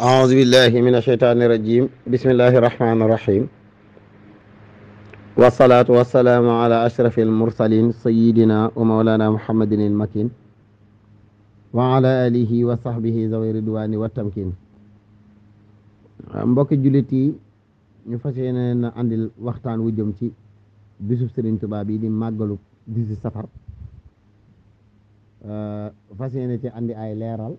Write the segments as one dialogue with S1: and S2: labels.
S1: أعوذ بالله من الشيطان الرجيم بسم الله الرحمن الرحيم والصلاة والسلام على أشرف المرسلين سيدنا ومولانا محمد المكين وعلى آله وصحبه ذوي الرضوان والتمكين مبوك جولتي نفسينا عند الوقت عن وجمتي بسوف سرين تبابي دي ماغلو دي السفر آه فسينا عندي اي ليرال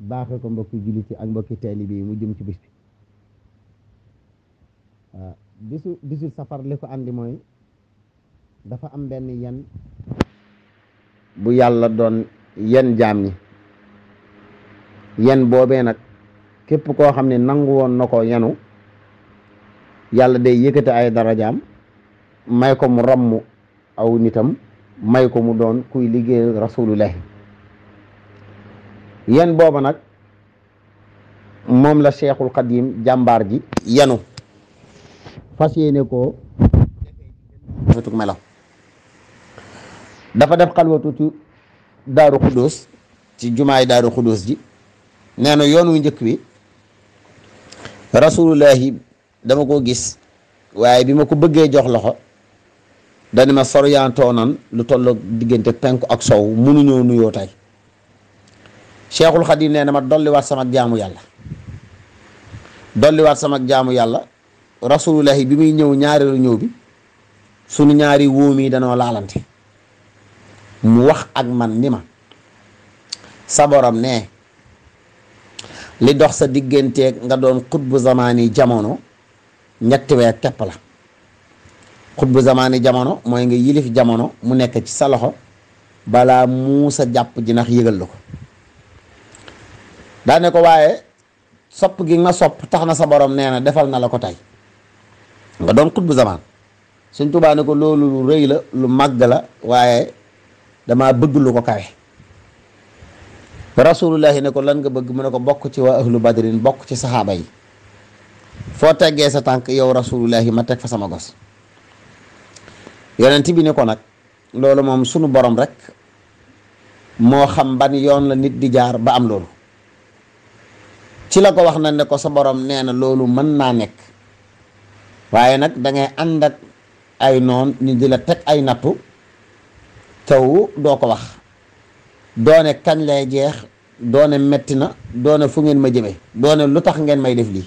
S1: baaxe ko mbokki jullit yi ak mbokki taalibe yi mu jëm ci bis bi waaw safar li ko andi mooy dafa am benn yan bu yàlla doon yen jaam ñi yen boobee nag képp koo xam ne nangu woon na ko yenu yàlla day yëkkati ay darajaam may ko mu ramm aw nitam may ko mu doon kuy liggéey rasulullahi yen booba nak mom la cheikhul qadim jambar ji yanu fasiyene eneko, ko fetuk melaw dafa def xalwatu ci daaru ci jumaay daru khudus ji neena yonu yoon wi rasulullahi dama ko gis waye bima ko bëggee jox loxo dani ma soryaantoo nan lu tolloog digënté penku ak sow ñoo nuyo tay cheikhul xadim nee na dolliwaat sama jaamu yàlla dolliwaat sama jaamu yàlla rasulullahi bi muy ñëw ñaareelu ñëw bi sunu ñaari wóom yi danoo laalante mu wax ak man ni ma sa ne li dox sa digganteeg nga doon xutbu zamaani jamono ñetti weer kepp la xutbu zamaani jamono mooy nga yilif jamono mu nekk ci sa loxo balaa muusa jàpp jinax yëgal la ko daa ko waaye sopp gi nga sopp tax na sa borom nee na defal na la ko tey nga doon xutbu zamaan Sëñ Tuubaa ko loolu lu rëy la lu màgg la waaye damaa bëgg lu ko kawe rasulullahi ne ko lan nga bëgg mu ne ko bokk ci waa ahlu badrin bokk ci saxaaba yi foo teggee sa tànk yow rasulullahi ma teg fa sama gos yonent bi ne ko nag loolu moom sunu borom rek moo xam ban yoon la nit di jaar ba am loolu ci la ko wax na ne ko sa borom nee na loolu mën naa nekk waaye nag dangay ngay ànd ak ay noon ñu di la teg ay nattu taw doo ko wax doone kañ lay jeex doone metti na doone fu ngeen ma jëme doone lu tax ngeen may def lii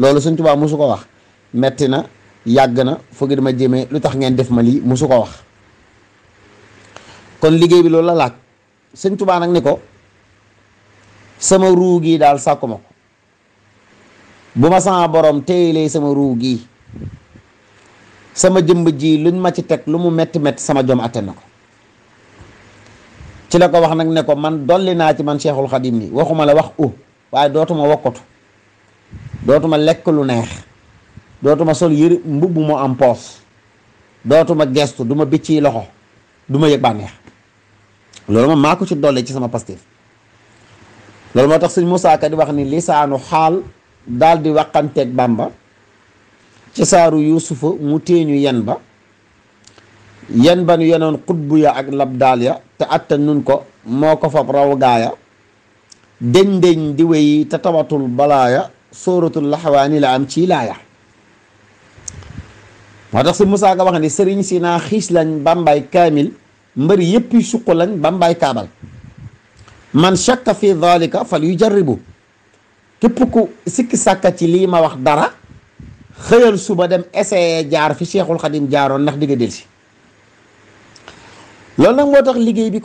S1: loolu Sëñ Tuubaa musu ko wax metti na yàgg na fu ngeen ma jëme lu tax ngeen def ma lii musu ko wax kon liggéey bi loolu la laaj Sëñ Tuubaa nag ni ko sama ruu gi daal sàkkuma ko bu ma sama boroom borom téyelee sama ruu gi sama jëmb jii luñ ma ci teg lu mu metti metti sama jom atte na ko ci la ko wax nag ne ko man dolli naa ci man Cheikhul Khadim ni waxuma la wax u waaye dootuma wokkatu dootuma lekk lu neex dootuma sol yëri mbubb mu am poos dootuma gestu duma bicci loxo duma yëg bànneex loolu ma maa ko ci dolli ci sama pastif loolu moo tax sëñ Moussa Ka di wax ni lisaanu xaal dal di waqanteeg Bàmba ci saaru yuusufa mu téeñu yen ba yen ba nu yenoon xutbu ya ak labdaal ya te atta nun ko moo ko fab raw gaaya deñ deñ di wéyi te tawatul balaaya sóoratul laxawaani la am ci laaya moo tax si musaa Ka wax ni sëriñ si naa xiis lañ bàmbaay kaamil mbëri yëpp suq lañ bàmbaay kaabal man shakka fi dhalika fal yu jarribu képp ku sikki sàkka ci lii ma wax dara xëyal suba dem essayé jaar fi cheikhul xadim jaaroon ndax di nga delsi loolu nag moo tax liggéey bi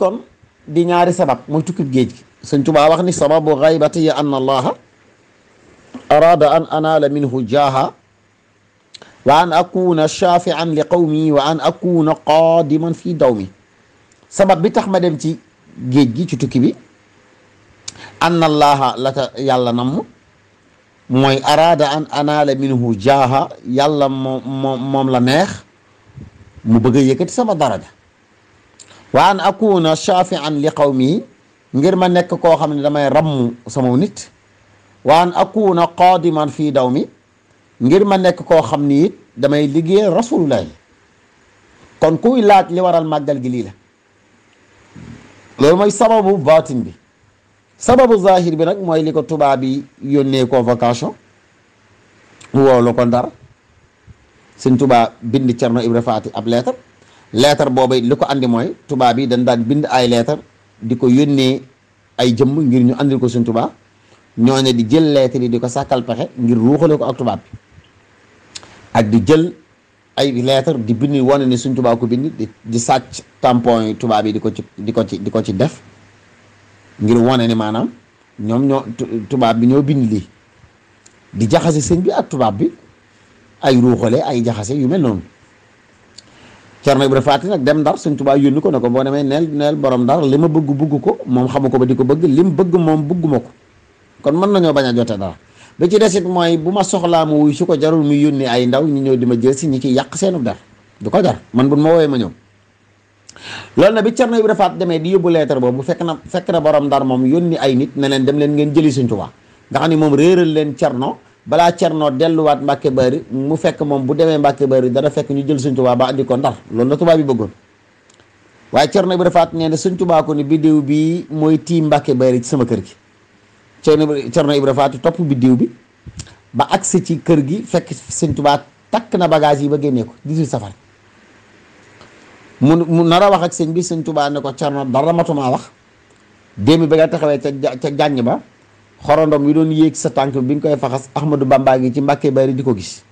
S1: di ñaari sabab mooy tukkib géej gi sëñ Tuubaa wax ni sababu xaybati ya anna allaha an anaala minhu jaaha wa an akuna shafian li qawmi wa an akuna qadiman fi dawmi sabab bi tax ma dem ci géej gi ci tukki bi anna allaha la ka yàlla namm mooy araada an anaala minhu jaaha yàlla moom la neex mu bëgg a yëkkati sama daraja wa an akuna shafian li qawmi ngir ma nekk koo xam ne damay ramm sama nit wa an akuna qadiman fii daw mi ngir ma nekk koo xam ni damay liggéey rasulullah kon kuy laaj li waral màggal gi lii mooy sababu baatin bi sababu zahir bi nag mooy li ko tubaab yi yónnee convocation woolu ko dara sëñ tubaa bind Cerno Ibra Faati ab leetar leetar boobu li ko andi mooy tubaab yi dañ daan bind ay leetar di ko yónnee ay jëmm ngir ñu andil ko sëñ tubaa di jël leetar yi di ko sàkkal pexe ngir ruuxale ko ak tubaab ak di jël ay leetar di bind wone ni sëñ tubaa ko bind di sàcc tampon yi tubaab yi di ko di ko ci di ko ci def ngir wane ni maanaam ñoom ñoo tubaab bi ñoo bind lii di jaxase sëñ bi ak tubaab bi ay ruuxale ay jaxase yu mel noonu Cerno Ibra Faati nag dem Ndar sëñ tubaab yónni ko ne ko boo demee neel neel borom Ndar li ma bëgg bëgg ko moom xamu ko ba di ko bëgg lim bëgg moom bëgguma ko kon mën nañoo bañ a jote dara ba ci desit mooy bu ma soxlaa ma wuy su ko jarul muy yónni ay ndaw ñu ñëw di ma jël si ñi ci yàq seenu der du ko jar man bu ma woowee ma ñëw loolu na bi Cerno Ibra Faat demee di yóbbu leetar boobu fekk na fekk na borom ndar moom yónni ay nit ne leen dem leen ngeen jëli Sëñ Tuubaa nga xam ne moom réeral leen Cerno balaa Cerno delluwaat Mbàkke Bari mu fekk moom bu demee Mbàkke Bari dana fekk ñu jël Sëñ Tuubaa ba andi ko ndar loolu la tubaab bi bëggoon waaye Cerno Ibra Faat nee na Sëñ Tuubaa ko ni biddiw bi mooy tiim Mbàkke Bari ci sama kër gi Cerno Ibra Faat topp biddiw bi ba agsi ci kër gi fekk Sëñ Tuubaa takk na bagage yi ba génnee ko 18 safar mu mu nar a wax ak sëñ bi sëñ Tuubaa ne ko Cerno dara matumaa wax démb ba nga taxawee ca ca jànj ba xorondom yi doon yéeg sa tànk bi nga koy faxas Ahmadu Bamba gi ci Mbàkke Bari di ko gis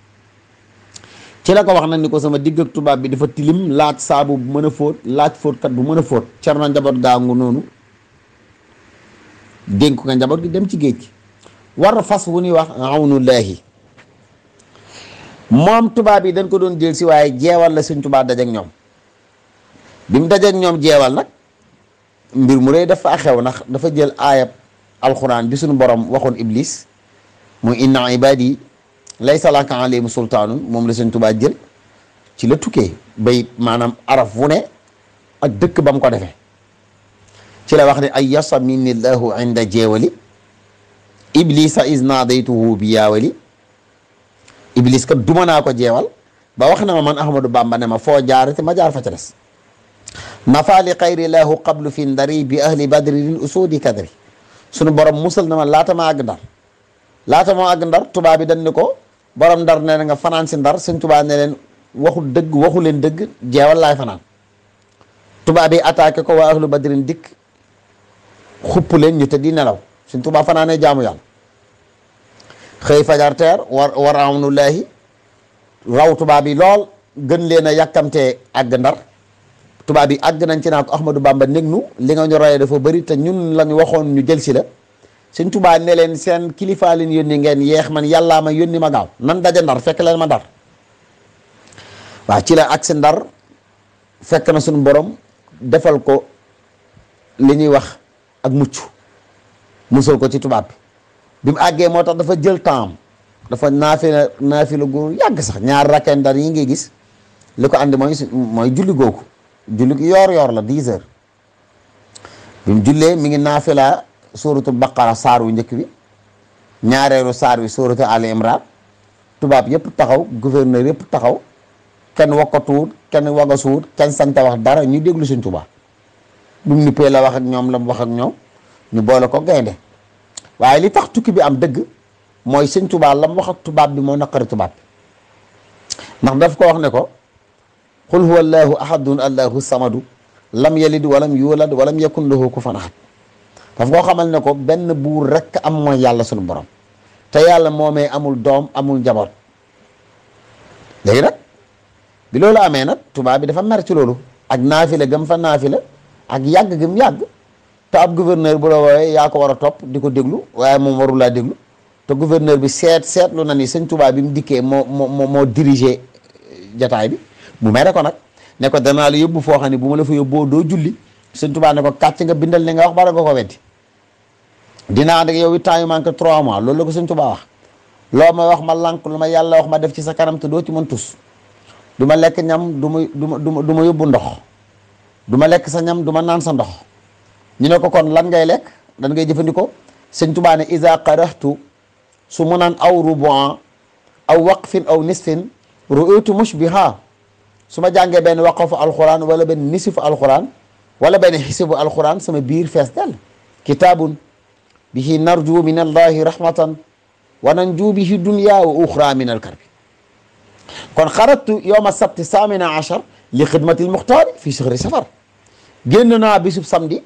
S1: ci la ko wax nag ni ko sama digg ak tubaab bi dafa tilim laaj saabu bu mën a fóot laaj fóotkat bu mën a fóot Cerno njaboot gaangu noonu dénk nga njaboot gi dem ci géej gi war fas wu ñuy wax awnullaahi moom tubaab yi dañ ko doon jël si waaye jeewal la sëñ tubaab daje ak bi mu ñoom jeewal nag mbir mu rëy dafa xew ndax dafa jël ayab alxuraan bi suñu borom waxoon iblis muy inna ibadi laysa laka alayhim sultaanun moom la Sëñ Tuubaa jël ci la tukkee bay maanaam araf wu ne ak dëkk ba mu ko defee ci la wax ne ay yasa minni llahu inda jeewali iblisa is naadaytuhu bi yaawali iblis kat duma naa ko jeewal ba wax na ma man Ahmadou Bamba ne ma foo jaarati ma jaar fa ca des mafa li xayri laahu fi ndari bi ahli badri lil usudi kadri sunu borom musal na ma laata ma àgg ndar laata ma àgg ndar tubaab bi dañ ni ko borom ndar nee nga fanaan si ndar sëñ tubaab ne leen waxu dëgg waxu leen dëgg jeewal fanaan tubaab bi attaqué ko waa ahlu badrin dikk xupp nelaw sëñ tubaab fanaanee jaamu yàlla xëy fajar teer war war raw tubaab yi lool gën leen a yàkkamtee àgg ndar tuba bi àgg nañ ci nak Ahmadou Bamba negnu li nga ñu royee dafa bari te ñun lañu waxon ñu jël ci la seigne Tuubaa ne len sen kilifa len yoni ngeen yeex man yalla ma yoni ma gaaw nan dajé ndar fekk leen ma dar, wa ci la sen dar fekk na suñu borom defal ko li ñi wax ak muccu musul ko ci tubaab bi bi mu àggee tax dafa jël temps dafa naafi naafi gu yag sax ñaar rakendar yi ngi gis liko and moy moy julli goku julli gi yoor yoor la dix heures bi mu jullee mi ngi naafila suratul baqara saar wu njëkk bi ñaareeru saar wi suratul ali imran tubaab yëpp taxaw gouverneur yëpp taxaw kenn wakkatuwut kenn wagasuwut kenn sante wax dara ñu déglu suñ tubaab bu nippee la wax ak ñoom la mu wax ak ñoom ñu boole ko gaynde waaye li tax tukki bi am dëgg mooy sëñ tubaab la mu wax ak tubaab bi moo naqari tubaab ndax daf ko wax ne ko قل هو الله احد الله الصمد لم يلد ولم يولد ولم يكن له كفوا احد دا فكو خامل نكو بن بور رك ام مو يالا سونو بروم تا يالا مومي امول دوم امول جابور لغي نك بي لولا امي نك توبا بي دا فا مر سي لولو اك نافله گم فا نافله اك ياگ گم ياگ تا اب گورنر بو لا وای يا كو ورا توپ ديكو ديغلو وای مو ورولا ديغلو تا گورنر بي سيت سيت لو ناني سن توبا بي مديكه مو مو مو ديريجي جتاي بي bu mere ko nak ne ko dana la yobbu fo xani ne bu ma la fa yobbo do julli seigne touba ne ko katch nga bindal ne nga wax bara goko weddi dina ànd ak yow it temps yu manqué mois lolou la ko seigne touba wax lo ma wax ma lank luma yalla wax ma def ci sa karam te do ci mon tous duma lek ñam duma duma duma yobbu ndox duma lek sa ñam duma nan sa ndox ñu ne ko kon lan ngay lek dan ngay jëfëndiko seigne touba ne iza qarahtu sumunan aw rubu'a aw waqfin aw nisfin ru'utu mushbiha su ma jàngee benn waqafu alquran wala benn nisifu alquran wala benn xisibu alquran sama biir fees dell kitaabun bihi narju min allahi rahmatan wa nanju bihi dunya wa uxra min alkarbi kon xaratu yowma sabti samina achar li xidmati almuxtaari fi shahri safar génn naa bisub samedi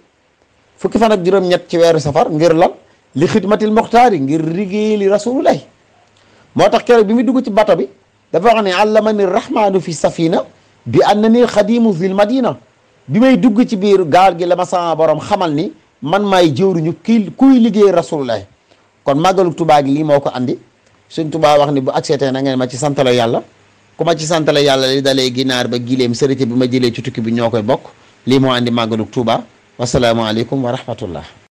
S1: fukki fan ak juróom ci weeru safar ngir lan li xidmatil muxtaari ngir liggéey li rasulullahi moo tax keroog bi mu dugg ci bato bi دفعني علمني الرحمن في السفينة بأنني خديم ذي المدينة بما يدق تبير قال جل ما برام خملني من ما يجور نكيل كوي لجي رسول الله كون ما قالوا تبا لي ما عندي سن تبا وقني بأكسيت أنا نعم ما تسانت لا يلا كما تسانت لا يلا لي دالي جنار بجيلي مسرتي بما جيلي تتوكي بنيوكي بوك لي ما عندي ما قالوا تبا والسلام عليكم ورحمة الله